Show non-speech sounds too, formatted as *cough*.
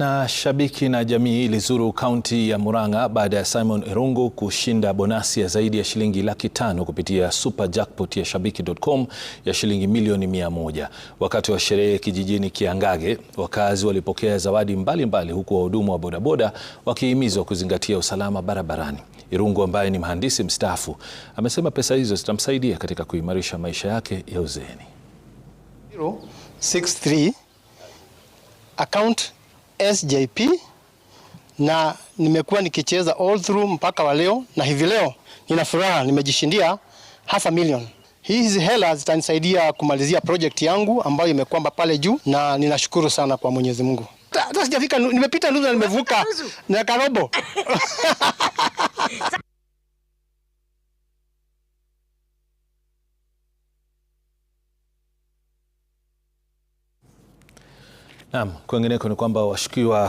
Na shabiki na jamii ilizuru kaunti ya Murang'a baada ya Simon Irungu kushinda bonasi ya zaidi ya shilingi laki tano kupitia super jackpot ya shabiki.com ya shilingi milioni mia moja. Wakati wa sherehe kijijini Kiangage, wakazi walipokea zawadi mbalimbali mbali, huku wahudumu wa bodaboda wakihimizwa kuzingatia usalama barabarani. Irungu ambaye ni mhandisi mstaafu amesema pesa hizo zitamsaidia katika kuimarisha maisha yake ya uzeeni. 063 account SJP na nimekuwa nikicheza all through mpaka wa leo, na hivi leo nina furaha, nimejishindia half a million. Hizi hela zitanisaidia kumalizia project yangu ambayo imekwamba pale juu, na ninashukuru sana kwa Mwenyezi Mungu. Hata sijafika, nimepita nusu na nimevuka na karobo *laughs* Naam, kwingineko ni kwamba washukiwa